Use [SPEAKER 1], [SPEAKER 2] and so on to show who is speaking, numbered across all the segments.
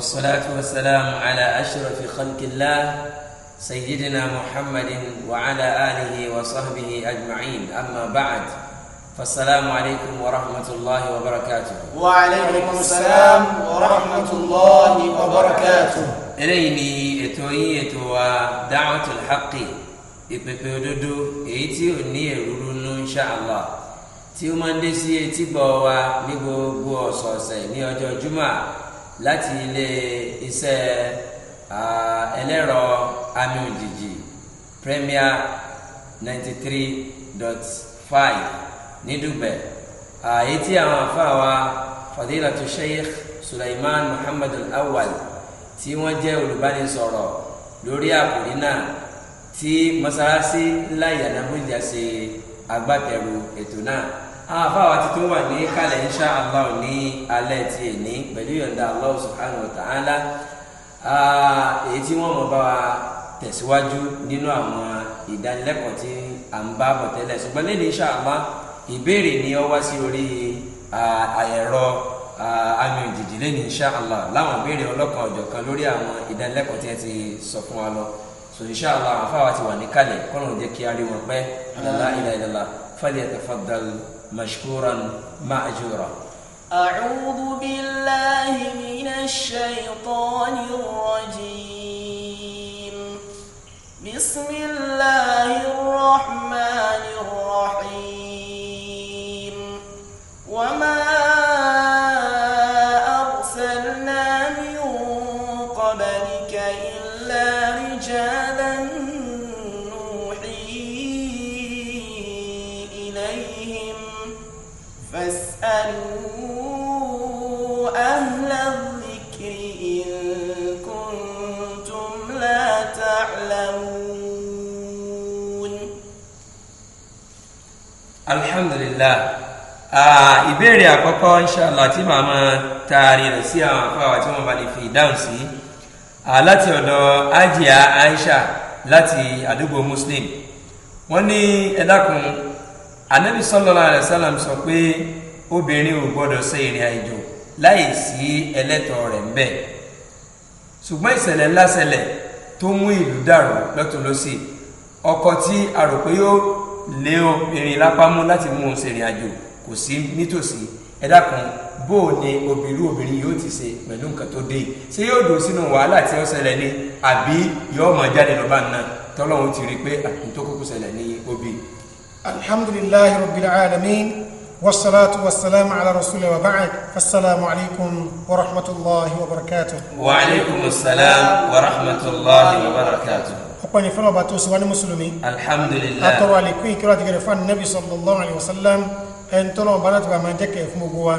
[SPEAKER 1] والصلاة والسلام على أشرف خلق الله سيدنا محمد وعلى آله وصحبه أجمعين أما بعد فالسلام عليكم ورحمة الله وبركاته
[SPEAKER 2] وعليكم السلام ورحمة الله وبركاته
[SPEAKER 1] إليني إتوية ودعوة الحق ìpèpè òdodo èyí tí ò ní èrúrú nú insha Allah tí ó máa ń dé sí láti ilé iṣẹ́ ẹlẹ́rọ àmì òjijì premier ninety three dot five ní Dùgbẹ̀ àyè tí àwọn àfáà wa fadilatu sheikh Sulaiman Muhammad Al-Awwal tí wọ́n jẹ́ olùbánisọ̀rọ̀ lórí àkòrí náà tí mọ́sálásí ńlá ìyànà bójá ṣe agbátẹrù ètò náà àfáà ti tún wà ní kálẹ̀ insha Allah ní alẹ́ ti èní pẹ̀lú yọ̀ǹda Allah subhanahu wa ta'ala èyí tí wọ́n mọ̀ bá wa tẹ̀síwájú nínú àwọn ìdánilẹ́kọ̀ọ́ tí à ń bá bọ̀ tẹ́lẹ̀ ṣùgbọ́n lẹ́nu insha Allah ìbéèrè ni ó wá sí orí ẹ̀rọ àmì òjijì lẹ́nu insha Allah láwọn ìbéèrè ọlọ́kan ọ̀jọ̀kan lórí àwọn ìdánilẹ́kọ̀ọ́ tí ẹ ti sọ fún wa lọ so insha Allah àfáà ti wà ní kálẹ̀ kọ́nà jẹ́ kí a rí wọn pẹ́ la ilaha illallah falyatafaddal مشكورا ماجورا
[SPEAKER 2] اعوذ بالله من الشيطان الرجيم بسم الله الرحمن الرحيم
[SPEAKER 1] alhamdulillah ìbéèrè àkọ́kọ́ inshallah tí màá máa taari rẹ̀ sí àwọn afáwà tí wọ́n bá lè fi dáhùn sí láti ọ̀dọ̀ ajia aisha láti àdúgbò muslim wọ́n ní ẹ dákun anabi sallallahu alaihi wasallam sọ pé obìnrin ò gbọ́dọ̀ ṣe ìrìn àjò láì sí ẹlẹ́tọ̀ọ́ rẹ̀ ń bẹ ṣùgbọ́n ìṣẹ̀lẹ̀ ńlá ṣẹlẹ̀ tó mú ìlú dàrú lọ́tún lọ́sì ọkọ̀ tí a rò pé yóò lé obìnrin lápámú láti mú un ṣèrìn àjò kò sí nítòsí ẹ dákun bó o ní obìnrin obìnrin yóò ti ṣe pẹ̀lú nǹkan tó dé ṣé yóò dùn sínú wàhálà tí ó ṣẹlẹ̀ ni àbí yóò mọ̀ jáde lọ́ba náà tọ́lọ́hún ti rí i pé àkùn tó kókó ṣẹlẹ̀ ní obì.
[SPEAKER 3] alhamdulilayi rabbil alamin wasalaatu wasalaamu ala rasulillah wa ba'd assalamu alaykum wa rahmatulahi wa barakatuh. wa alaykum salaam wa rahmatulahi wa barakatuh ọpẹ́ ni fọlọ́ba tó síwá ní mùsùlùmí alhamdulillah àtọrọ àlékún ìkírọ̀ àti gẹ̀rẹ̀ fún anabi sallallahu alayhi wa sallam ẹn tọ́lọ́ bá láti bá máa jẹ́kẹ̀ fún gbogbo wa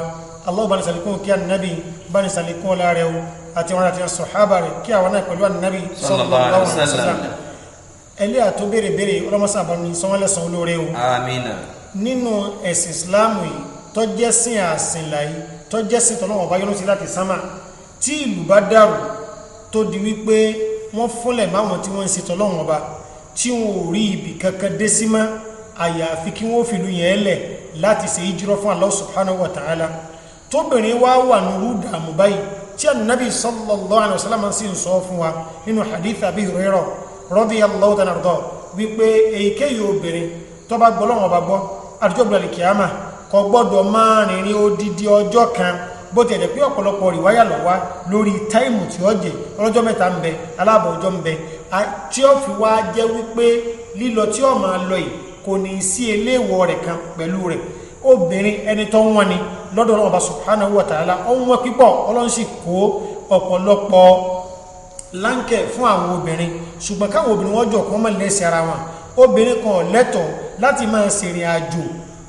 [SPEAKER 3] allah bá ní sàlékún kí anabi bá ní sàlékún ọlá rẹ̀ o àti wọn àti wọn sọ̀hábà rẹ̀ kí àwọn náà pẹ̀lú anabi sallallahu alayhi wa sallam ẹlẹ́ àtó béèrè béèrè ọlọ́mọsá àbámi sanwó-ẹlẹ́sàn olóore o nínú ẹ̀sìn islam yìí tọ́jẹ́ sí àsìnlá yìí tọ́jẹ́ sí tọ́lọ́wọ̀n bá yọ́nú sí láti sánmà tí ìlú bá dàrú tó di wípé wọ́n fúnlẹ̀ máwọn tí wọ́n ń ṣetọ́ lọ́wọ́n ọba tí wọn ò rí ibì kankan dé sí mọ́ àyàfi kí wọ́n fìlú yẹn lẹ̀ láti ṣe ìjírọ́ fún Allah subhanahu wa ta'ala tóbìnrin wá wà nùrú dààmú báyìí tí ànábì sallallahu alaihi wasallam sì ń sọ fún wa nínú hadith Abi Hurairah radiyallahu ta'ala rọ̀ wípé èyíkéyìí obìnrin tó bá gbọ́ lọ́wọ́n ọba gbọ́ àdújọ́ gbọ́dọ̀ kìámà kò gbọ́dọ̀ máa rìnrìn odidi ọjọ́ kan bó ti ẹ̀jẹ̀ pé ọ̀pọ̀lọpọ̀ rìwáyà lọ wá lórí táìmù tí ó jẹ ọlọ́jọ́ mẹ́ta ń bẹ aláàbọ̀ ọjọ́ ń bẹ tí ó fi wá jẹ́ wípé lílọ tí ó máa lọ yìí kò ní sí eléwọ̀ rẹ̀ kan pẹ̀lú rẹ̀ obìnrin ẹni tó ń wọ́n ni lọ́dọ̀ ọlọ́ọ̀bá subhanahu wa ta'ala ó ń wọ́n pípọ̀ ọlọ́nsì kó ọ̀pọ̀lọpọ̀ láńkẹ̀ fún àwọn obìnrin ṣùgbọ́n káwọn obìnrin wọ́n jọ kó mọ̀ lẹ́sẹ̀ ara wọn obìnrin kan lẹ́tọ̀ọ́ láti máa ṣèrìn àjò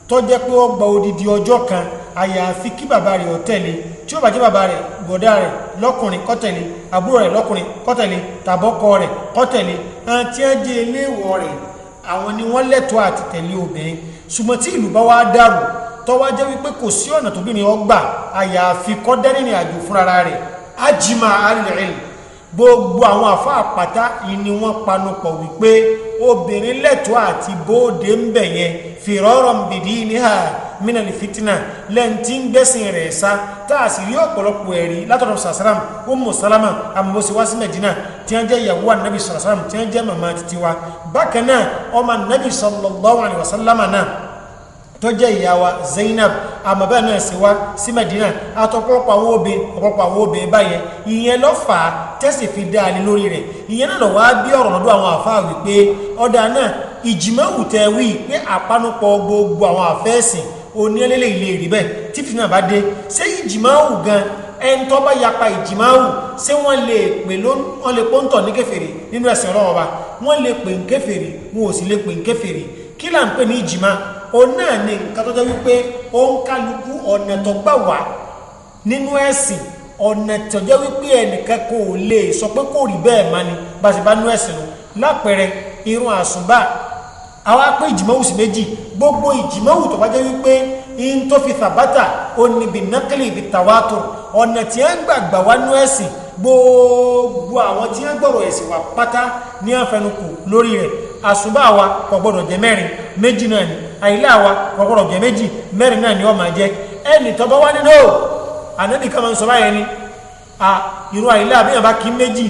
[SPEAKER 3] tó jẹ́ pé ó gba odidi ọjọ́ kan àyàfi kí bàbá rẹ̀ ó tẹ̀lé tí ó bá jẹ́ bàbá rẹ̀ bọ̀dá rẹ̀ lọ́kùnrin kó tẹ̀lé àbúrò rẹ̀ lọ́kùnrin kó tẹ̀lé tàbọ́kọ rẹ̀ kó tẹ̀lé àti ẹjẹ́ iléèwọ̀ rẹ̀ àwọn ni wọ́n lẹ́tọ̀ọ́ àti tẹ̀lé obìnrin ṣùgbọ́n tí ìlú bá wá dàrú tọ́wá jẹ́ wípé kò sí ọ̀nà tóbìnrin ọgbà àyàfi kó àjò fúnra rẹ̀ ajima alìrìn gbogbo àwọn àfa àpáta yìí ni wọ́n panupọ̀ wípé obìnrin lẹ́tọ́ àti bóde ń bẹ̀ yẹn fìrọ́rọ̀ bìdí níhà mínàlì fitina lẹ́yìn tí ń gbẹ́sìn rẹ̀ sá tá a sì rí ọ̀pọ̀lọpọ̀ ẹ̀rí látọ̀dọ̀ sàsáràm Ummu Salama amòsíwásí Mẹdínà tí wọ́n jẹ́ ìyàwó ànábì sàsáràm tí wọ́n jẹ́ màmá titiwa bákan náà ọmọ ànábì sallallahu alaihi wasallam náà tọ́jẹ́ ìyá wa Zainab àmọ́bẹ́ náà sì wá sí Medina àtọ́pọ̀lọpọ̀ àwọn obè ọ̀pọ̀lọpọ̀ àwọn obè báyẹn ìyẹn lọ́fà tẹ́sì fi dá ní lórí rẹ̀ ìyẹn náà lọ́wọ́ bí ọ̀rọ̀ lọ́dọ̀ àwọn àfáà wípé ọ̀dà náà ìjìmọ̀wù tẹ́ wí pé àpánupọ̀ gbogbo àwọn àfẹ́ẹ̀sìn onílẹ̀lẹ̀ ilé rí bẹ́ẹ̀ tí fìfìnà bá dé ṣé ìjìmọ̀wù gan ẹni tó bá yapa ìjìmọ̀wù ṣé wọ́n lè pè wọ́n lè pọ́ńtọ̀ ní kèfèrí nínú ẹ̀sìn ọlọ́wọ́ bá wọ́n lè pè ń kèfèrí wọn ò sì lè pè ń kèfèrí kí là ń pè ní ìjìmá òun náà ni nǹkan tó jẹ́ wípé ó ń kálukú ọ̀nà tó gbà wá nínú ẹ̀sìn ọ̀nà tó jẹ́ wípé ẹnìkan kò lè sọ pé kò rí bẹ́ẹ̀ má ni bá a sì bá nú ẹ̀sìn lọ lápẹẹrẹ irun àsùnbà àwa pé ìjìmọ̀wù sí méjì gbogbo ìjìmọ̀wù tó bá jẹ́ wípé in tó fi tàbátà ó ní bí nákìlì bí tàwátò ọ̀nà tí a ń gbàgbà wá nú ẹ̀sìn gbogbo àwọn tí a gbọ̀rọ̀ ẹ̀sìn wà pátá ní àfẹnukù lórí rẹ̀ àṣùbà wa kò gbọdọ̀ jẹ mẹ́rin méjì náà ni àìlà wa kò gbọdọ̀ jẹ méjì mẹ́rin náà ni ó máa jẹ ẹnì tọ́bọ́ wá nínú o ànábì kan máa ń sọ báyẹn ni à irú àìlà bí yàrá kí méjì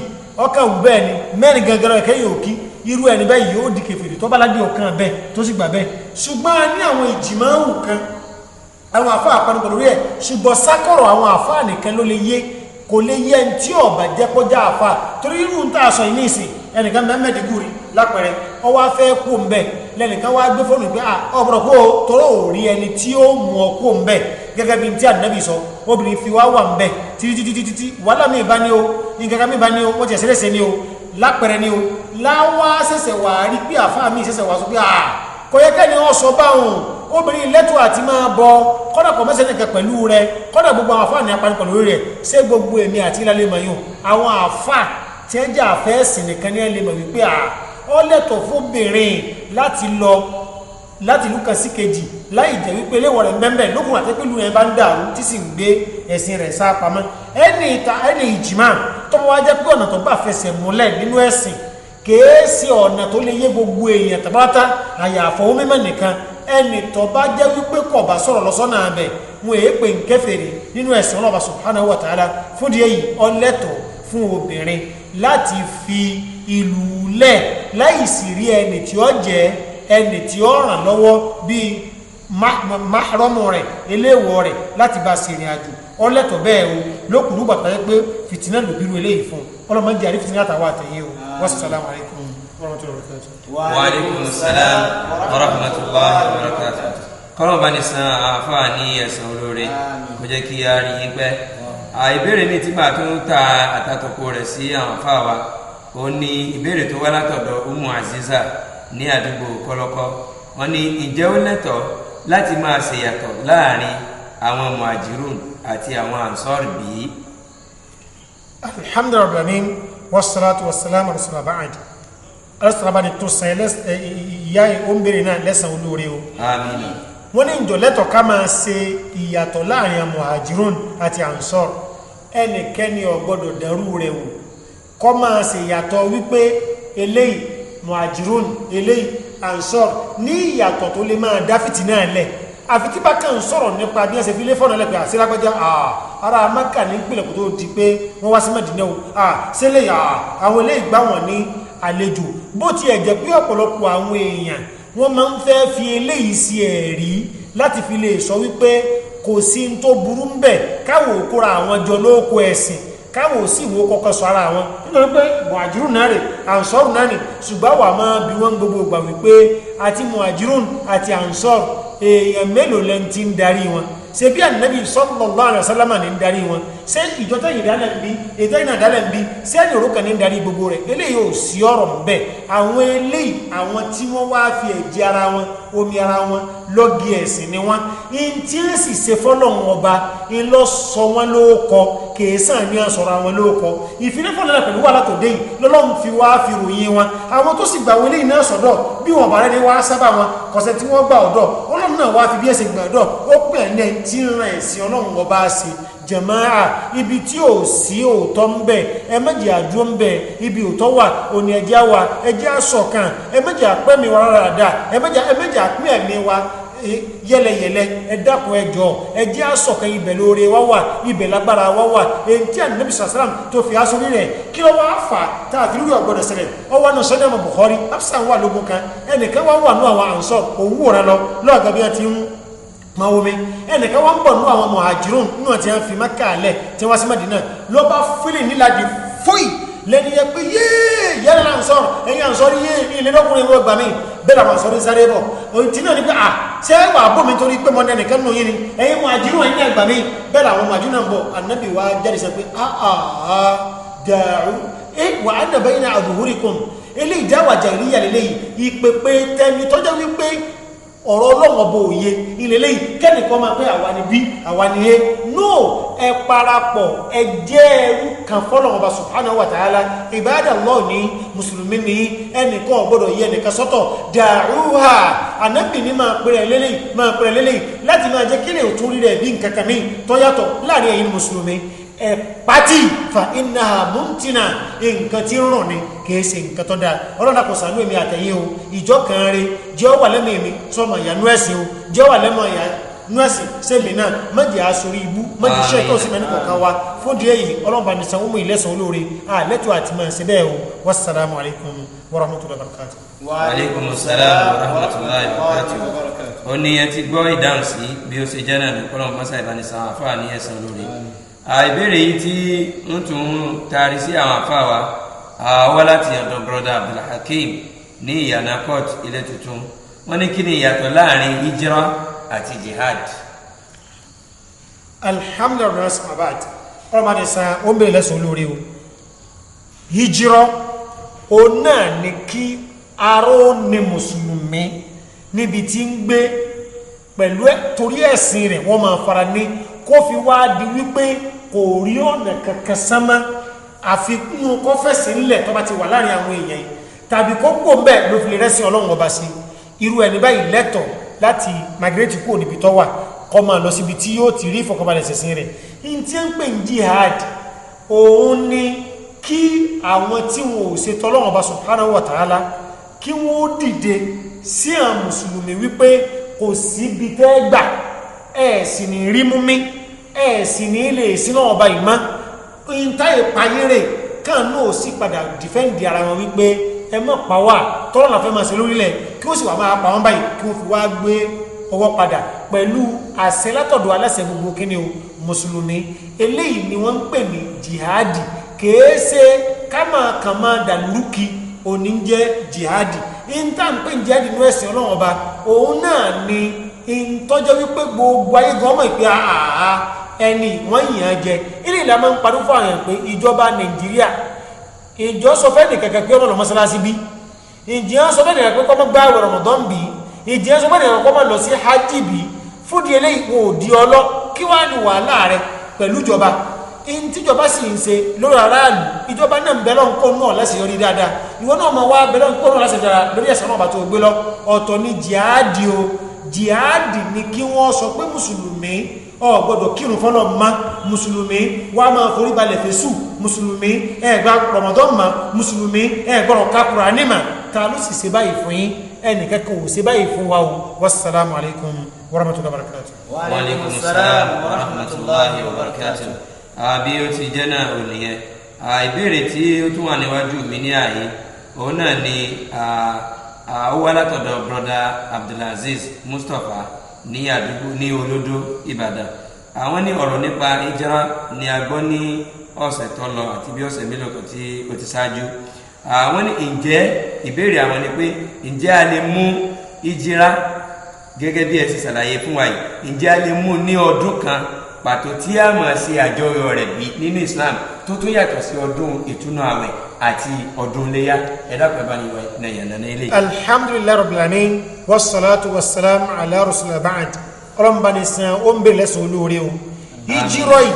[SPEAKER 3] ọkàn wù bẹ́ẹ̀ ni mẹ́rin gangan ẹ̀kẹ́ yóò kí irú ẹni bẹ́ẹ̀ yóò di kèfèrè tó bá ládé ọ̀kan bẹ́ẹ̀ tó sì gbà bẹ́ẹ̀ ṣùgbọ́n a ní àwọn ìjìmọ̀ ń wù kan àwọn àfa àpanupọ̀ lórí ṣùgbọ́n sákọ̀rọ̀ àwọn àfa nìkan ló lè yé kò lè yẹ ẹni tí ọ̀bà jẹ́ kọjá àfa torí irú ń tà sọ ìní ìsìn ẹnìkan mẹ́mẹ́dìgúri lápẹẹrẹ ọwọ́ afẹ́ kú ń bẹ̀ lẹ́nìkan wá gbé fóònù pé ọ̀pọ̀lọ̀ kó tọrọ ò rí ẹni tí ó mú ọ kú ń bẹ̀ gẹ́gẹ́ bí tí ànábì sọ obìnrin fi wá wà ń bẹ̀ títítítítí wàhálà mi ìbá ni o nǹkan mi ìbá ni o wọ́n ti ẹ̀sẹ̀lẹ̀sẹ̀ ni o lápẹẹrẹ ni o láwá ṣẹ̀ṣẹ̀ wà rí pé àfáà mi ṣẹ̀ṣẹ̀ wà sọ pé kọ̀yẹ́kẹ́ ni wọ́n sọ báwọn obìnrin lẹ́tọ̀ àti máa bọ kọ́dà kọ́ mẹ́sẹ̀ nìkan pẹ̀lú rẹ kọ́dà gbogbo àwọn àfáà ní apanipọ̀ lórí rẹ ṣé gbogbo èmi àti ilé mọ̀ yìí àwọn àfáà tí ẹ jẹ́ àfẹ́ nìkan ní ẹ lè mọ̀ wípé à ó lẹ́tọ̀ fóbìnrin láti lọ láti ìlú kan sí kejì láì jẹ́ wípé léwọ̀ rẹ̀ mẹ́mẹ́ lókùn àti pẹ̀lú ẹ̀ bá ń dàrú tí sì ń gbé ẹ̀sìn rẹ̀ sá pamọ́ ẹni ìta ẹni ìjìmá tó bá wá jẹ́ pé ọ̀nà tó bá fẹsẹ̀ múlẹ̀ nínú ẹ̀sìn kèé sí ọ̀nà tó lè yé gbogbo èèyàn tàbátá àyàfọ̀ mímọ́ nìkan ẹni tó bá jẹ́ wípé kò bá sọ̀rọ̀ lọ́sọ́nà abẹ wọn èé pè ń kèfèrí nínú ẹ̀sìn ọlọ́ba subhanahu wa ta'ala fúndìí èyí ọlẹ́tọ̀ fún obìnrin láti fi ìlú lẹ̀ láì sì rí ẹni tí ó jẹ́ ẹni tí ó ràn lọ́wọ́ bíi máhàrọ́mù rẹ̀ eléwọ̀ rẹ̀ láti bá ṣe ìrìn àjò ọlẹ́tọ̀ bẹ́ẹ̀ o lókùnrin bàtà yẹ pé fìtínà ló bírú eléyìí fún ọlọ́mọ jẹ́ àrí fìtínà àtàwọn àtẹ̀yẹ o wassalamu alaikum warahmatullahi wabarakatuh. wa alaikum
[SPEAKER 1] bá ní san àáfàá ní ẹ̀sán olóore kò jẹ́ kí a rí yín pẹ́. ìbéèrè mi ti máa tún ta àtàtọ̀kọ rẹ̀ sí àwọn àáfàá wa ó ní ìbéèrè tó wá látọ̀dọ̀ umu aziza ní àdúgbò kọlọkọ wọn ní ìjẹ́ ó lẹ́tọ̀ọ́ láti máa ṣèyàtọ̀ láàrin àwọn muhajirun àti àwọn ansọ́ọ̀rì bíi.
[SPEAKER 3] alhamdulilayi abdulhamid wasalaatu wasalaamu alayhi wa baad alasalabani tó sàn ìyá ẹ̀ ó ń béèrè náà lẹ́sàn olóore o. amiina. wọ́n ní ìjọ lẹ́tọ̀ọ́ ká máa ṣe ìyàtọ̀ láàrin àwọn muhajirun àti ansọ́ọ̀rì ẹnikẹ́ni ò gbọ́dọ̀ dẹrú rẹ̀ kọ́ máa sì yàtọ̀ wípé eléyìí muhajirun eléyìí ansor ní ìyàtọ̀ tó lè máa dá fìtínà lẹ̀ àfi tí bákan ń sọ̀rọ̀ nípa bí ẹsẹ̀ fi lé fọ́nà lẹ́pẹ́ àṣírágbájá ara maka ní pìlẹ̀ kò tó di pé wọ́n wá sí mẹ́dínà o sílẹ̀ àwọn eléyìí gbá wọn ní àlejò bó tiẹ̀ jẹ́ pé ọ̀pọ̀lọpọ̀ àwọn èèyàn wọ́n máa ń fẹ́ fi eléyìí sí ẹ̀rí láti fi lè sọ wípé kò sí tó burú ń bẹ̀ káwọn òkúra àwọn jọ lóko ẹ̀sìn káwọn ò sí ìwò kọ́kọ́ sọ ara wọn nítorí pé mọ̀àjírùn náà rè ànsọ́rù náà nì ṣùgbọ́n wà máa bí wọ́n gbogbo ìgbà wípé àti mọ̀àjírùn àti ànsọ́rù èèyàn mélòó lẹ́ni ti ń darí wọn ṣe bí ànábì sallallahu alaihi wasallam ní ń darí wọn ṣé ìjọ tẹ́yìn dálẹ̀ ń bí ìtẹ́yìn náà dálẹ̀ ń bí ṣé ẹni òrókà ní darí gbogbo rẹ̀ eléyìí ò sí ọ̀rọ̀ ńbẹ̀ àwọn eléyìí àwọn tí wọ́n wá fi ẹ̀jẹ̀ ara wọn omi ara wọn lọ́gì ẹ̀sìn ni wọ́n in tí ń sì ṣe fọ́lọ́hún ọba ń lọ sọ wọn lóókọ kèésàn ní àsọ̀rọ̀ àwọn lóókọ ìfínẹ́fọ́lẹ́lẹ́ pẹ̀lú wàhálà tó dé yìí lọ́lọ́run fi wá fi ròyìn wọn àwọn ọlọ́run náà wá fi bí ẹ̀sìn gbà ó pè ní ẹni tí ń ran ẹ̀sìn ọlọ́run ọba ṣe jẹ̀máà ibi tí ò sí òótọ́ ń bẹ̀ ẹ méjì àjọ ń bẹ̀ ibi òótọ́ wà òní ẹjẹ́ wa ẹjẹ́ àsọ̀kan ẹ méjì àpẹ́mi wa rárá dà ẹ méjì àpẹ́ ẹ̀mí wa yẹlẹyẹlẹ ẹdàkùn ẹjọ ẹjẹ asọkẹ ibẹ lóore wa wà ibẹ lágbára wa wà èyí anabi sàlám tó fi aṣọ rírẹ kí ló wá fà tá a fi rírọ gbọdọ ṣẹlẹ̀ ọwọ àná sọdọ ọmọ Bukhari absa wà lógun kan ẹnìkan wà wà nù àwọn àǹsọ òwúrọ lọ lọgàbí ẹ ti ń ma wo mi ẹnìkan wọ́n ń bọ̀ ní àwọn mọ̀hajirun náà tí wọ́n fi mẹ́kà alẹ̀ tí wọ́n sí mẹ́dínà ló bá fílì níladì fúì lẹ́ni yẹ pé yéé yẹ́rọ náà ń sọ̀rọ̀ ẹ̀yìn àǹsọ́rí yéé ní ilé lọ́kùnrin ló gbà mí bẹ́ẹ̀ làwọn àǹsọ́rí sáré bọ̀ òun ti náà ni pé à ṣé wà á bọ̀ mi torí pé mọ́ni ẹnìkan nù yín ni ẹ̀yìn mọ̀hajirun ẹ̀yìn àgbà mí bẹ́ẹ̀ làwọn mọ̀hajirun náà bọ̀ ànábì wa jáde sọ pé àà dàrú ẹ wà á ọ̀rọ̀ ọlọ́wọ́ bò yé ìlélẹ́ yìí kẹ́nìkan máa pé àwa ni bí àwa ni yé no ẹ parapọ̀ ẹ jẹ́ ẹrú kan fọlọ́wọ́ bá subhanahu wa ta'ala ibadallah ní mùsùlùmí ní ẹnìkan ọ̀gbọ́dọ̀ yí ẹnìkan sọ́tọ̀ dàrúhà ànábì ní máa pèrè lélẹ̀ máa pèrè lélẹ̀ láti máa jẹ́ kílẹ̀ òtún rírẹ̀ bí nǹkan kan ní tọ́yàtọ̀ láàrin ẹ̀yin mùsùlùmí ẹ pati fa iná múntinà nǹkan tí ń rùn ni kìí ṣe nǹkan tó dáa ọlọ́dà kò sànú èmi àtẹ̀yìn o ìjọ kan rè jẹ́ ọ wà lẹ́mọ èmi sọmọ ìyànú ẹ̀sìn o jẹ́ ọ wà lẹ́mọ ìyànú ẹ̀sìn sẹ́mi náà mẹ́jì aṣorí ibú mẹ́jì iṣẹ́ ìtọ́ sí mẹ́nu kọ̀ọ̀kan wa fún díẹ̀ yìí ọlọ́mọba ní sanwó mú ilé san olóore àlẹ́tọ̀ àti máa ṣe bẹ́ẹ̀ o wassalamu alaikum warahmatullahi wabarakatuh. alaikum salam warahmatullahi wabarakatuh. ó ní ẹ ti gbọ́ ìdáhùn sí bí ó ṣe jẹ́
[SPEAKER 1] náà ní kọ́lọ́mù mọ́sá ìbánisàn àfáà ní àìbéèrè yìí tí ń tún taari sí àwọn afáwa àwa láti yàtọ̀ broda abdulhakeem ní ìyànà court ilé tuntun wọ́n ní kí ni ìyàtọ̀ láàrin hijra àti jihad.
[SPEAKER 3] alhamdulilayi samabad ọlọmọdé san ó ń bèrè lẹsùn olóore o hijra òun náà ni kí aró ni mùsùlùmí níbi tí ń gbé pẹ̀lú torí ẹ̀sìn rẹ̀ wọ́n máa fara ní kó fi wá di wípé kò rí ọ̀nà kankan sánmá àfikún kọ́fẹ̀sì ńlẹ̀ tó bá ti wà láàrin àwọn èèyàn yìí tàbí kó pò mbẹ́ ló fi lè rẹ́sìn ọlọ́run ọba sí irú ẹni báyìí lẹ́tọ̀ láti migrate kúrò níbi tó wà kọ́ máa lọ síbi tí yóò ti rí ìfọ̀kànbalẹ̀ ṣẹ̀sìn rẹ̀ n tí ń pè ní jihad òun ni kí àwọn tí wọn ò ṣètò ọlọ́run ọba subhanahu wa ta'ala kí wọ́n ó dìde sí àwọn mùsùlùmí wípé kò síbi tẹ́ gbà ẹ̀ sì ní rí mi ẹ sì ní ilé ìsìn náà ọba ìmá ìta ìpayérè kan náà sì padà dìfẹ́ǹdì ara wọn wípé ẹ mọ̀ pa wá tọ́lọ́ náà fẹ́ máa ṣe lórílẹ̀ kí ó sì wà máa pa wọ́n báyìí kí wọ́n fi wá gbé ọwọ́ padà pẹ̀lú àṣẹ látọ̀dọ̀ aláṣẹ gbogbo kíni o mùsùlùmí eléyìí ni wọ́n ń pè ní jihadi kèése kámà kàn máa dàlúkì òní ń jẹ́ jihadi ìta ń pè ní jihadi nínú ẹ̀sìn ọlọ́run ọba òun náà ni ìtọ́jọ́ wípé gbogbo ayé gan ọmọ ìpè àhàhà ẹni wọ́n yìnyàn jẹ ilé ìlànà ń parí fún àyàn pé ìjọba nàìjíríà ìjọ sọ fẹ́ ní kẹ̀kẹ́ pé ọmọ lọ mọ́sálásí bí ìjìyàn sọ fẹ́ ní kẹ̀kẹ́ kọ́mọ́ gbá àwẹ̀ Ramadan bí ìjìyàn sọ fẹ́ ní kẹ̀kẹ́ kọ́mọ́ lọ sí hajj bí fúdi eléyìí wò di ọlọ kí wàá ní wàhálà rẹ pẹ̀lú ìjọba tíjọba sì ń ṣe lórí aráàlú ìjọba náà ń bẹ lọ́n kó náà lẹ́sẹ̀ yọrí dáadáa ìwọ náà máa wá bẹ lọ́n kó náà lẹ́sẹ̀ dáadáa lórí ẹ̀sán náà bàtò ògbé lọ ọ̀tọ̀ ni jihadi o jihadi ni kí wọ́n sọ pé mùsùlùmí ò gbọ́dọ̀ kírun fọ́lọ̀ ma mùsùlùmí wá máa foríbalẹ̀ fèsù mùsùlùmí ẹ̀gbà rọ̀mọ̀dọ́ ma mùsùlùmí ẹ̀gbọ́rọ̀ kakura níma ta ló sì ṣe báyìí fún yín ẹnìkẹ́kọ̀ọ́ ò ṣe báyìí fún wa o wassalamu alaikum warahmatullahi wabarakatuh. wa alaikum salam
[SPEAKER 1] warahmatullahi wabarakatuh. àbí ó ti jẹ́ náà ò nìyẹn ìbéèrè tí ó tún wà níwájú mi ní àyè òun náà ni àwọn alátọ̀dọ̀ broda Abdulaziz Mustapha ní àdúgbò ní olódó Ìbàdàn àwọn ní ọ̀rọ̀ nípa ìjọra ni a gbọ́ ní ọ̀sẹ̀ tó lọ àti bí ọ̀sẹ̀ mélòó kan tí ó ti ṣáájú àwọn ní ǹjẹ́ ìbéèrè àwọn ni pé ǹjẹ́ a lè mú ìjìra gẹ́gẹ́ bí ẹ sì ṣàlàyé fún wa yìí ǹjẹ́ a lè mú ní ọdún kan pàtó tí a máa ṣe àjọyọ̀ rẹ̀ bí nínú Islam tó tún yàtọ̀ sí ọdún ìtúnu àwẹ̀ àti ọdún léyà ẹ̀dá pẹ̀lú ni nàyànnà ní ilé.
[SPEAKER 3] alhamdulilayi rabbil alamin wasalaatu wasalaam ala rasulillah ba'ad ọlọ́mọbani san ó ń bèrè lẹ́sìn olóore o ìjírọ̀ yìí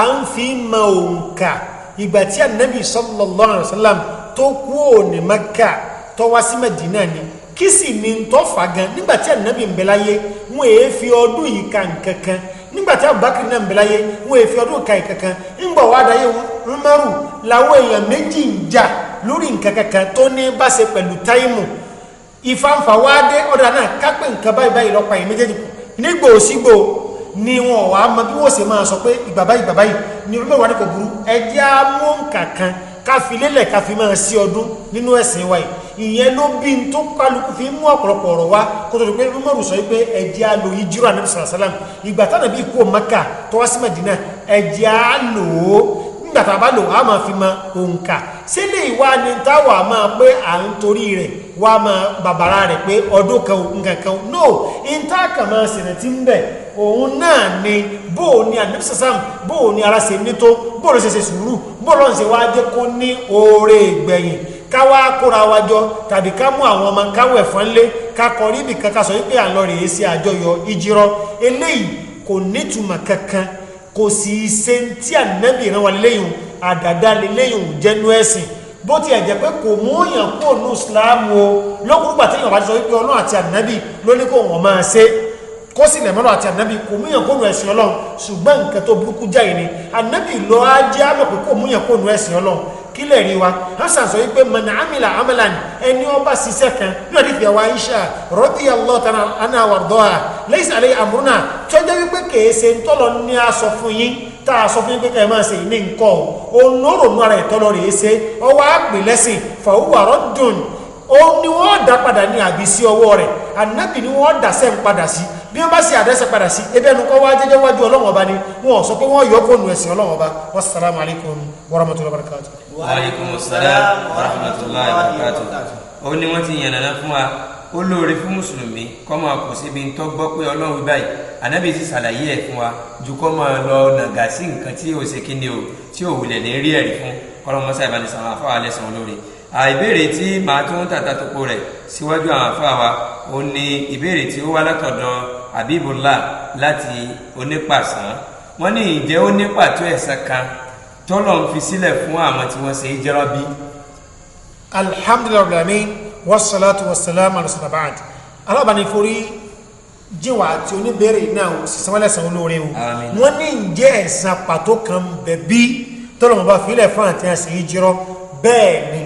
[SPEAKER 3] à ń fi ma òǹkà ìgbà tí anabi sallallahu alayhi wa sallam tó kú òní maka tó sí madina ni kí sì ni tó fà gan nígbà tí anabi ń bẹ wọn èé fi ọdún yìí ka nǹkan nígbàtí abubakar náà ń bẹ láyé wọn èfi ọdún kan kankan ń bọ̀ wá dáyé rúmọ́rù làwọn èèyàn méjì ń jà lórí nǹkan kankan tó ní bá ṣe pẹ̀lú táìmù ìfanfà wá dé ọ̀dà náà kápẹ́ nǹkan báyìí báyìí lọ́pàá yìí méjèèjì nígbò sígbò ni wọn wà á mọ bí wọ́n ṣe máa sọ pé ìgbà báyìí ìgbà báyìí ni rúmọ́rù wà ní kò burú ẹjẹ́ á mú nǹkan kan máa sí ọdún nínú ẹ̀sìn wa ìyẹn ló bí n tó kálukú fi mú ọ̀pọ̀lọpọ̀ ọ̀rọ̀ wá kó tó di pé mímọ́rù sọ wípé ẹ̀jẹ̀ á lo ìjírò ànábì sàlám ìgbà tánà bí kú Mákà tó wá sí Mẹ́dínà ẹ̀jẹ̀ á lò ó nígbà tá a bá lò á máa fi mọ òǹkà sílé ìwà ni a máa pé à ń torí rẹ̀ wá máa bàbàrà rẹ̀ pé ọdún kan nǹkan kan no ìtàkà máa sì rántí ń bẹ̀ òun náà ni bóò ni ànábì sàlám bóò ni ara ṣe ní tó bóò ló ṣe ṣe sùúrù bóò ló ń ṣe wá dé kó ní oore ìgbẹ̀yìn káwá kóra wa jọ tàbí ká mú àwọn ọmọ káwẹ̀ fọ́nlé ká kọrí nìkan ká sọ wípé à ń lọ rèé sí àjọyọ̀ ìjírọ eléyìí kò nítumọ̀ kankan kò sì í ṣe tí ànábì ìran wa léyìn àdàdà léyìn jẹ́nu ẹ̀sìn bó tiẹ̀ jẹ́ pé kò mú èèyàn kúrò ní ìsìláàmù o lókùrúgbà téèyàn bá ti sọ wípé ọlọ́run àti ànábì ló ní kó wọ́n máa ṣe é kó sì lẹ̀mọ́nà àti ànábì kò múyàn kó nu ẹ̀sìn ọlọ́run ṣùgbọ́n nǹkan tó burúkú jẹ́ ìní ànábì lọ á jẹ́ àmọ̀ pé kò múyàn kó nu ẹ̀sìn ọlọ́run kí lè rí wa hasan sọ wípé mọ̀nà amìlà amìlà ni ẹni ọba ṣiṣẹ́ kan ní ọdí fìyàwó aisha radiyallahu ta'ala anha wardaha laysa alayhi amruna tó jẹ́ wípé kèé ṣe ń tọ́lọ ní aṣọ fún yín tá a sọ fún yín pé ká máa ṣe ìní nǹkan o onórònú ara ìtọ́lọ rèé ṣe ọwọ́ àpè lẹ́sìn fahuwa raddun ó ní wọ́n dá padà ní àbí ọwọ́ rẹ̀ ànábì ni wọ́n dá sẹ́ń bí wọ́n bá sì àdẹ́sẹ̀ padà sí ebi ẹnu kọ́ wá jẹ́jẹ́ wájú ọlọ́wọ́n ọba ni wọ́n sọ pé wọ́n yọ kó ẹ̀sìn ọlọ́wọ́n ọba wassalamu alaikum warahmatullahi wabarakatuh.
[SPEAKER 1] wa alaikum assalam warahmatullahi wabarakatuh. ó ní wọ́n ti yànnàná fún wa ó lóore fún mùsùlùmí kọ́ máa kù síbi ń tọ́ gbọ́ pé ọlọ́run báyìí ànábì ti ṣàlàyé ẹ̀ fún wa ju kọ́ máa lọ nàgà sí nǹkan tí ò ṣe kí ni o tí ò wulẹ̀ ní rí ẹ̀rí fún kọ́lọ́mọ́sá ìbánisọ̀rọ̀ àfọwọ́ alẹ́ sàn lórí àìbéèrè tí màá tún tàtàtòpọ̀ rẹ̀ síwájú àwọn àfọwọ́ ó ní ìbéèrè tí ó wá látọ̀dọ̀ Habibullah láti onípàṣán wọ́n ní ìjẹ́ onípàtó ẹ̀sán kan tọ́lọ̀ ń fi sílẹ̀ fún àwọn tí wọ́n ṣe é jẹ́rọ́ bí.
[SPEAKER 3] alhamdulilayi alamin wasalaatu wasalaamu ala sanabaad alábàáni forí jíwà àti oníbèrè náà sísanwó-lẹ̀sán olóore o wọ́n ní ìjẹ́ ẹ̀sán pàtó kan bẹ̀ bí tọ́lọ̀ mọ̀ bá filẹ̀ fún àti àṣẹ yìí jẹ́rọ́ bẹ́ẹ̀ ni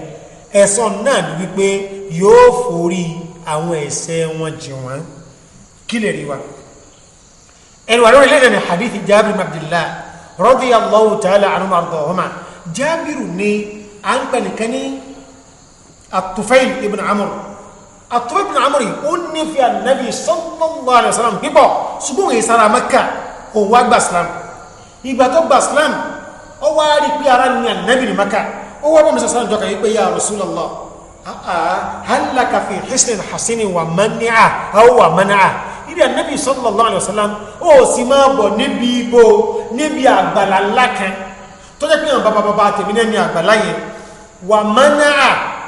[SPEAKER 3] ẹ̀sán náà ni wípé yóò forí àwọn ẹ̀ṣẹ̀ wọn jì wọ́n kílẹ̀ rí wa ẹ̀rùwà lórí lẹ́yìn ní hadithi jabir ibn abdullah radiyallahu ta'ala anhu ardọ̀ọ́mà jabiru ni à ń pẹ̀lú kẹ́ni at-Tufayl ibn amr at-Tufayl ibn amr yìí ó ní fi ànábì sallallahu alayhi wa sallam bíbọ̀ ṣùgbọ́n èyí sára mẹ́kà kò wá gbà islam ìgbà tó gbà islam ó wá rí pé ara ní ànábì ní mẹ́kà fi hisnin hasini wa mani'a aw wa mani'a níbi ànábì sallallahu alaihi wasallam ó sì máa bọ̀ níbi ibo níbi àgbàlá ńlá kan tó jẹ́ pé àwọn bàbá bàbá tèmi náà ní àgbàlá yẹn wà mánà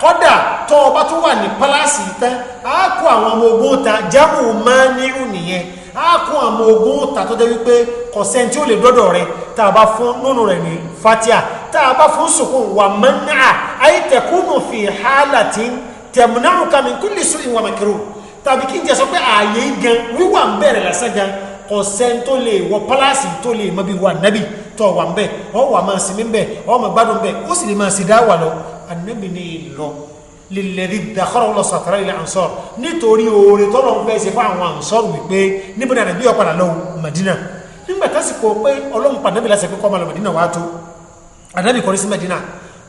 [SPEAKER 3] kọ́dà tó ọba tó wà ní pálásì tán á kó àwọn ọmọ ogun ta jábù máa nírù nìyẹn á kó àwọn ogun ta tó jẹ́ wípé kọ̀sẹ́ni tí ó lè dọ́dọ̀ rẹ tá a bá fún nínú rẹ̀ ní fatia tá a bá fún sùkún wà mánà àyè tẹ̀kúnù fi hálà tí tẹ̀mùnárùkà min kulli su'in wa tàbí kí n jẹ́ sọ pé ààyè gan wíwà ń bẹ̀rẹ̀ lásán gan ọ̀sẹ̀ tó lè wọ pálásì tó lè mọ́bí wà nábì tó wà ń bẹ̀ ọ wà máa sinmi ń bẹ̀ ọ máa gbádùn bẹ̀ ó sì lè máa sì dáwà lọ anábì ní lọ lilladhi dakharahu Allahu sàtàrà ilẹ̀ ansọ́r nítorí oore tọ́lọ̀ ń fẹ́ ṣe fún àwọn ansọ́r wípé níbo ni àdàbí ọ̀padà lọ Madina nígbà tásìkò pé ọlọ́run pàdánù láti ẹ̀kọ́ kọ́ máa lọ Madina wá tó àdàbì kọrí sí Madina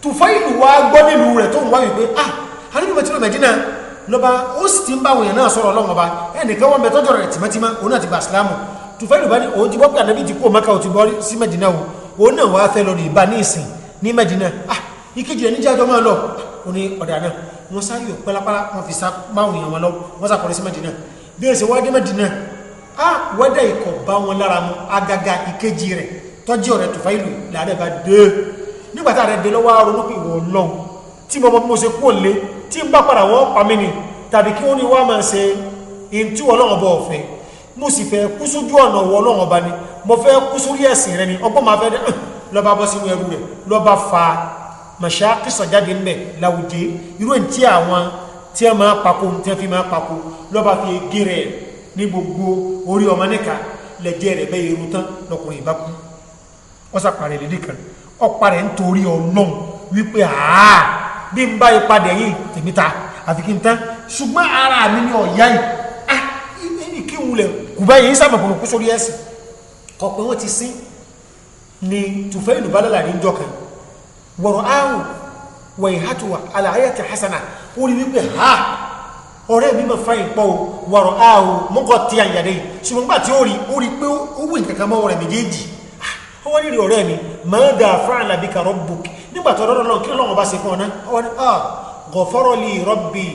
[SPEAKER 3] tùfáìlù wa gbọ́ nílùú rẹ̀ tó ń wá wípé ah àdàbì mọ̀ lọ́ba ó sì ti ń bá àwọn èèyàn náà sọ̀rọ̀ ọlọ́run ọba ẹnìkan wọn bẹ tọ́jọ́ rẹ̀ tìmọ́tìmọ́ òun náà ti gbà sílámù tùfẹ́lù bá ní òun ti bọ́pẹ́ ànábì ti kó maka òtún bọ́ sí mẹ́dínà o òun náà wàá fẹ́ lọ rí ibà ní ìsìn ní mẹ́dínà ah ìkejì rẹ̀ níjà ọjọ́ máa lọ ah, ó ní ọ̀dà náà wọ́n sáré yóò pẹ́lápálá wọn fi máwùn èèyàn wọn lọ wọ́n sàkọrọ sí mẹ́dínà bí wọ́n sì wá dé mẹ́dínà ah wẹ́dà ikọ̀ bá wọn lára mu agaga ìkejì rẹ̀ tọ́jú ọ̀rẹ́ tùfẹ́lù làárẹ̀ bá dé nígbà tá tí ń bá padà wọ́n pàmí ni tàbí kí wọ́n ní wá máa ń ṣe in tí wọ́n lọ́wọ́ bọ̀ ọ̀fẹ́ mo sì fẹ́ kú sójú ọ̀nà wọ́n lọ́wọ́ bá ni mo fẹ́ kú sórí ẹ̀sìn rẹ ni ọgbọ́n máa fẹ́ dẹ́ lọ́ba bọ́ sínú ẹrú rẹ̀ lọ́ba fa màṣá kìsàn jáde ńlẹ̀ láwùjẹ irú èyí tí àwọn tí wọ́n máa pako tí wọ́n fi máa pako lọ́ba fi gé rẹ̀ ní gbogbo orí ọmọ níka lẹ́jẹ́ rẹ̀ bẹ́ẹ̀ irun tán lọkùnrin ìbá kú bí n bá yí padà yìí tèmi ta àfi kí n tán ṣùgbọ́n ara mi ni ọ̀yá yìí ah ní kí n wulẹ̀ kù báyìí ń sábà kùnú kú sórí ẹ̀sìn kọ pé wọ́n ti sín ni tùfẹ́ ìlú balẹ̀ láàrin jọ wọ̀rọ̀ áhùn wọ̀nyí hàtùwà àlàyé ti hasana ó rí wípé ha ọ̀rẹ́ mi máa fa ìpọ̀ o wọ̀rọ̀ áhùn mọ́kọ̀ tí a yìí ṣùgbọ́n gbà tí ó rí ó rí pé ó wù nǹkan kan mọ́ ọ̀rẹ́ méjèèjì ah, ó wọ́n rí ọ̀rẹ́ mi máa dà fáànà bí kàrọ́ bùkì nígbà tó ọdọ́dọ́ lọ́n kí lọ́wọ́ bá ṣe fún ọ̀nà ọ̀nà ah gọ̀fọ́rọ̀ lè rọ́bì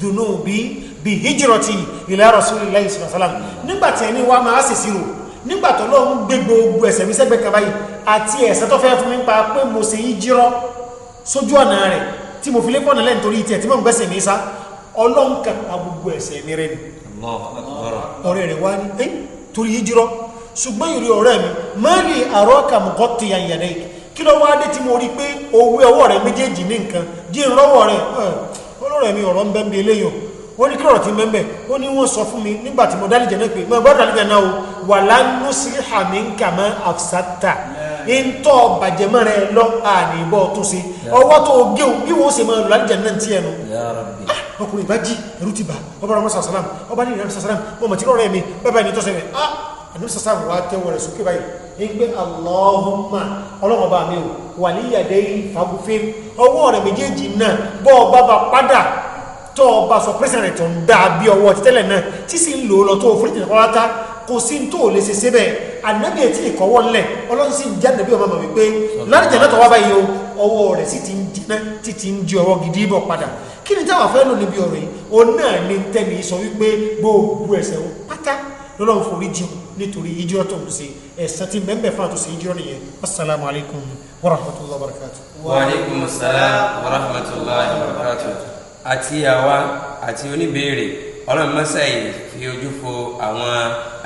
[SPEAKER 3] dùnú bí bí hijirọ̀tì ila rasulillahi sallallahu alaihi wasallam nígbà tí ẹni wá máa ṣèṣì rò nígbà tó lọ́wọ́ ń gbé gbogbo ẹ̀ṣẹ̀ mi sẹ́gbẹ̀ẹ́ kan báyìí àti ẹ̀ṣẹ̀ tó fẹ́ fún mi pa pé mo ṣe hijirọ́ sójú ọ̀nà rẹ̀ tí mo fi lé pọ̀nà lẹ́yìn torí tiẹ̀ tí mo ń gbẹ́sẹ̀ mi sá ọlọ́run gbogbo ẹ̀ṣẹ̀ kí ló wáá dé tí mo rí i pé òwe ọwọ́ rẹ méjèèjì ní nǹkan jí ìrọ́wọ́ rẹ olóòrẹ̀ mi ọ̀rọ̀ ń bẹ́ mi eléyò ó ní kírọ̀tì mẹ́mẹ́ ó ní wọ́n sọ fún mi nígbà tí mo dálìjẹ́ náà pé mo bá dálìjẹ́ náà o wà lánú sí àmì ń kà mọ́ àfisàtà ń tọ́ bàjẹ́ mọ́ rẹ lọ àní bọ́ tó ṣe ọwọ́ tó gé o bí wọ́n ṣe máa lọ dálìjẹ́ náà tiẹ̀ nu ah, ọkùnrin bá jí ẹrú ti bà ọba wípé Allahumma ọlọ́run ọba mi ò wà níyàdé ìfàgùfẹ́ ọwọ́ rẹ̀ méjèèjì náà bọ́ ọba bá padà tó ọba sọ pẹ́sẹ̀rẹ̀ tó ń dá bí ọwọ́ títẹ́lẹ̀ náà tí sì ń lò ó lọ tó òfin ìtìlẹ̀ pátá kò sí tó lè ṣe ṣe bẹ́ẹ̀ ànábì etí ìkọ́wọ́ ńlẹ̀ ọlọ́run sì ń jẹ́ ànábì ọmọ wípé lárìjẹ̀ náà ni táwọn afẹ́ lò níbi ọ̀rọ̀ yìí òun náà ní nítorí ìjírọ̀ tó ń ṣe ẹ̀sán tí mẹ́mẹ́ fún àtúnṣe ìjírọ̀ nìyẹn assalamu alaikum wa rahmatullahi wa barakatuh. wa alaikum salam wa rahmatullahi
[SPEAKER 1] wa barakatuh. àti àwa àti oníbèrè ọlọ́run mọ́sá yìí fi ojú fo àwọn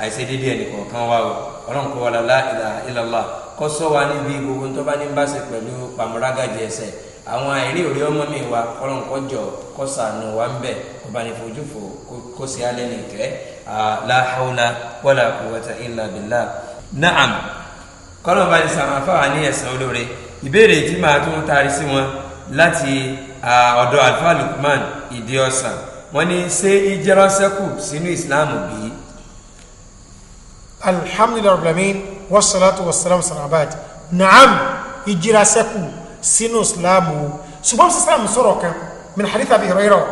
[SPEAKER 1] àìṣedéédéé ẹnìkọ̀ọ̀kan wa o ọlọ́run kó wa la ilaha illallah kọ́ sọ wa níbi gbogbo tó bá ní bá ṣe pẹ̀lú pàmòrágàjì ẹsẹ̀ àwọn àìrí òrí ọmọ mi wa ọlọ́run kó jọ kó ṣàánú wa ń bẹ̀ kó ní fojú fo kó ṣe alẹ́ nìkẹ́ Ah, la hawla wala quwwata illa billah na'am kọ́nà bá ní sàmà fáwọn ní ẹ̀sán olóore ìbéèrè tí màá tún taari sí wọn láti ọ̀dọ̀ alfa lukman ìdí ọ̀sán wọn ní ṣé ìjẹ́ránṣẹ́kù sínú islam
[SPEAKER 3] bí. alhamdulilayi rabilamin wasalaatu wasalaamu sanabad naam ìjírasẹ́kù sínú islam o ṣùgbọ́n sísàm sọ̀rọ̀ kan min hadith abi hurairah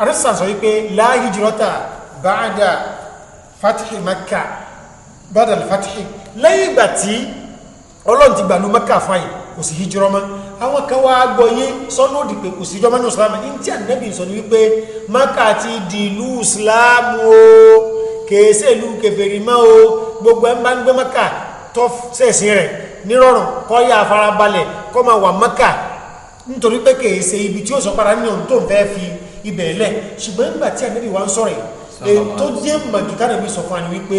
[SPEAKER 3] arisan sọ wípé la hijrata بعد فتح مكة بعد الفتح lẹ́yìn ìgbà tí ọlọ́run ti gbàlú mẹ́kà fáyìn kò sí àwọn kan wá sọ́nà òdì pé kò sí ní islam ní tí wípé mẹ́kà ti di ìlú islam o kèése ìlú kèfèrí o gbogbo ẹ̀ ń bá ń gbé mẹ́kà tó rẹ̀ nírọ̀rùn kọ́ yá kọ́ máa wà mẹ́kà nítorí pé kèése ibi èyí tó jẹ́ màjútà rẹ̀ bí sọ fún àní wípé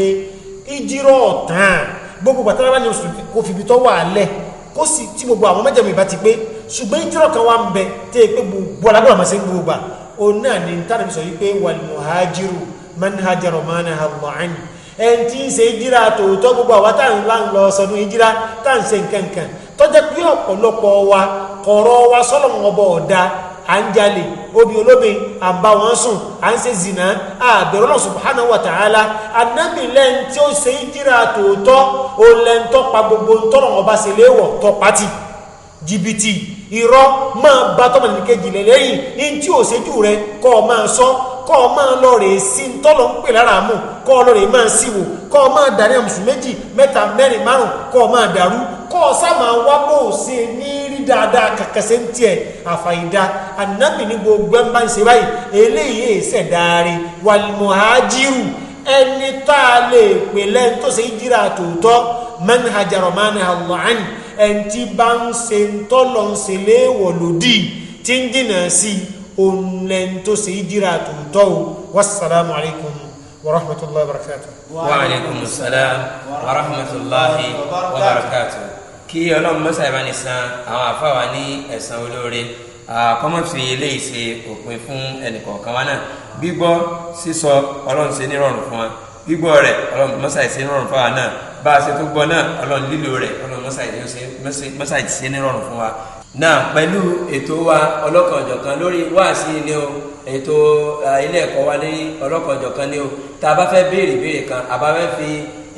[SPEAKER 3] ìjírọ̀ ọ̀tàn gbogbo bàtàrà ní oṣù kò fìbí tọ́ wà lẹ̀ kó sì tí gbogbo àwọn mẹ́jẹ̀mí bá ti pé ṣùgbọ́n ìjírọ̀ kan wà ń bẹ tẹ́ pé gbogbo alágbọ̀n àmọ́ sí gbogbo gbà òun náà ni tàbí sọ wípé wal muhajiru man hajara ma nahahu anhu ẹni tí ń ṣe ìjírà tòótọ́ gbogbo àwa táwọn ńlá ń lọ sọdún ìjírà táwọn ń ṣe nǹkan kan tọ́jà pé ọ̀pọ̀lọpọ̀ wa kọ̀ọ̀rọ̀ wa sọ́lọ́mù ọba ọ̀dà à ń jalè obì olóbìn à ń bá wọn sùn à ń ṣe zìnà àbẹ̀rẹ̀ Ọlọ́run subhanahu wa ta'ala anábì lẹ́yìn tí ó ṣe ń jíra tòótọ́ ó lẹ́yìn tó pa gbogbo tọ́rọ̀ ọba ṣe léwọ̀ tó pati jìbìtì irọ́ máa ba tọ́mọ̀nìkejì lẹ́yìn ní tí ò ṣẹ́jú rẹ kọ́ ọ máa sọ kọ́ ọ máa lọ rèé sí ń ń pè lára mú kọ́ ọ lọ rèé máa sí wò kọ́ ọ máa dàrí àmùsùn méjì mẹ́ta mẹ́rin márùn kọ́ ọ máa dàrú kọ́ ọ sá máa wá bó ṣe ní dáadáa kàkà ṣe ń tiẹ̀ àfàyídá ànábì ní gbogbo ẹ̀ ń bá ń ṣe báyìí eléyìí èsẹ̀ dáre wàlmùhájírù ẹni tá a lè pè lẹ́yìn tó ṣe ìjírà tòótọ́ mẹ́nhajarọ̀ mẹ́nhaláhàn ẹni tí bá ń ṣe tọ́lọ̀ ń ṣe léèwọ̀ lòdì tí ń dìnà sí òun tó ṣe ìjírà tòótọ́ o wasalaamu alaykum wa rahmatulahi wa barakatu. wa aleykum salaam wa rahmatulahi wa barakatu
[SPEAKER 1] kí ọlọ́run mọ́sá ìbáni san àwọn àfáwà ní ẹ̀san olóore kọ́mọ́ fi eléyìí ṣe òpin fún ẹnìkọ̀ọ̀kan wa náà gbígbọ́ sísọ ọlọ́run ṣe nírọ̀rùn fún wa gbígbọ́ rẹ̀ ọlọ́run mọ́sá ìṣe nírọ̀rùn fún wa náà bá a ṣe tó gbọ́ náà ọlọ́run lílo rẹ̀ ọlọ́run mọ́sá ìṣe nírọ̀rùn fún wa. náà pẹ̀lú ètò wa ọlọ́kanòjọ̀kan lórí wáàsí ni o ètò ilé ẹ̀kọ́ wa lórí ọlọ́kanòjọ̀kan ni o tá a bá fẹ́ béèrè béèrè kan a fẹ́ fi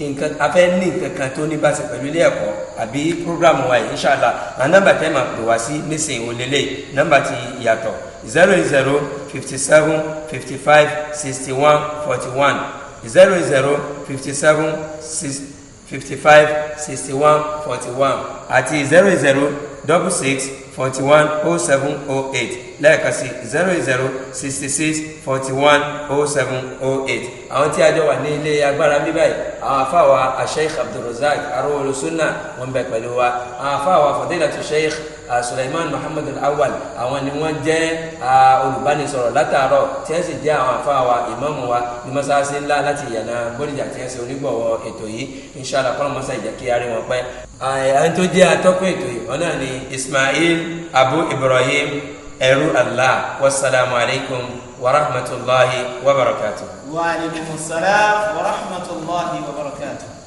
[SPEAKER 1] nǹkan afẹ́ ní nǹkan kan tó ní báṣe pẹ̀lú ilé ẹ̀kọ́ àbí programu wa yìí ṣáàlà àwọn nọ́mbà tẹ́ máa pè wá sí nísìn òlélẹ̀ nọ́mbà ti yàtọ̀ zero zero fifty seven fifty five sixty one forty one zero zero fifty seven fifty five sixty one forty one àti zero zero double six forty one oh seven oh eight lẹ́ẹ̀kan sí zero zero sixty six forty one oh seven oh eight àwọn tí a jọ wà ní ilé agbára bí báyìí àwọn afáwa asheikh abdulrozak arúgbó sunna wọn bẹ pẹ̀lú wa àwọn afáwa fadilatu sheikh suleiman muhammad awal àwọn ni wọn jẹ olùbánisọ̀rọ̀ látàárọ̀ tí wọn sì jẹ àwọn afáwa ìmáàmù wa ní mọ́sáàsì ńlá láti yànnà bódìjà tí wọn sì onígbọ̀wọ́ ètò yìí inṣàlá kọ́nà mọ́sá ìjà kí a wọn pẹ́ àwọn tó jẹ́ atọ́kùn ètò ọ̀nà ni Ismail Abu Ibrahim ẹrú Allah wasalaamu alaykum wa rahmatulahi wa barakatu.
[SPEAKER 2] wa alaykum salaam
[SPEAKER 1] wa rahmatulahi wa barakatu.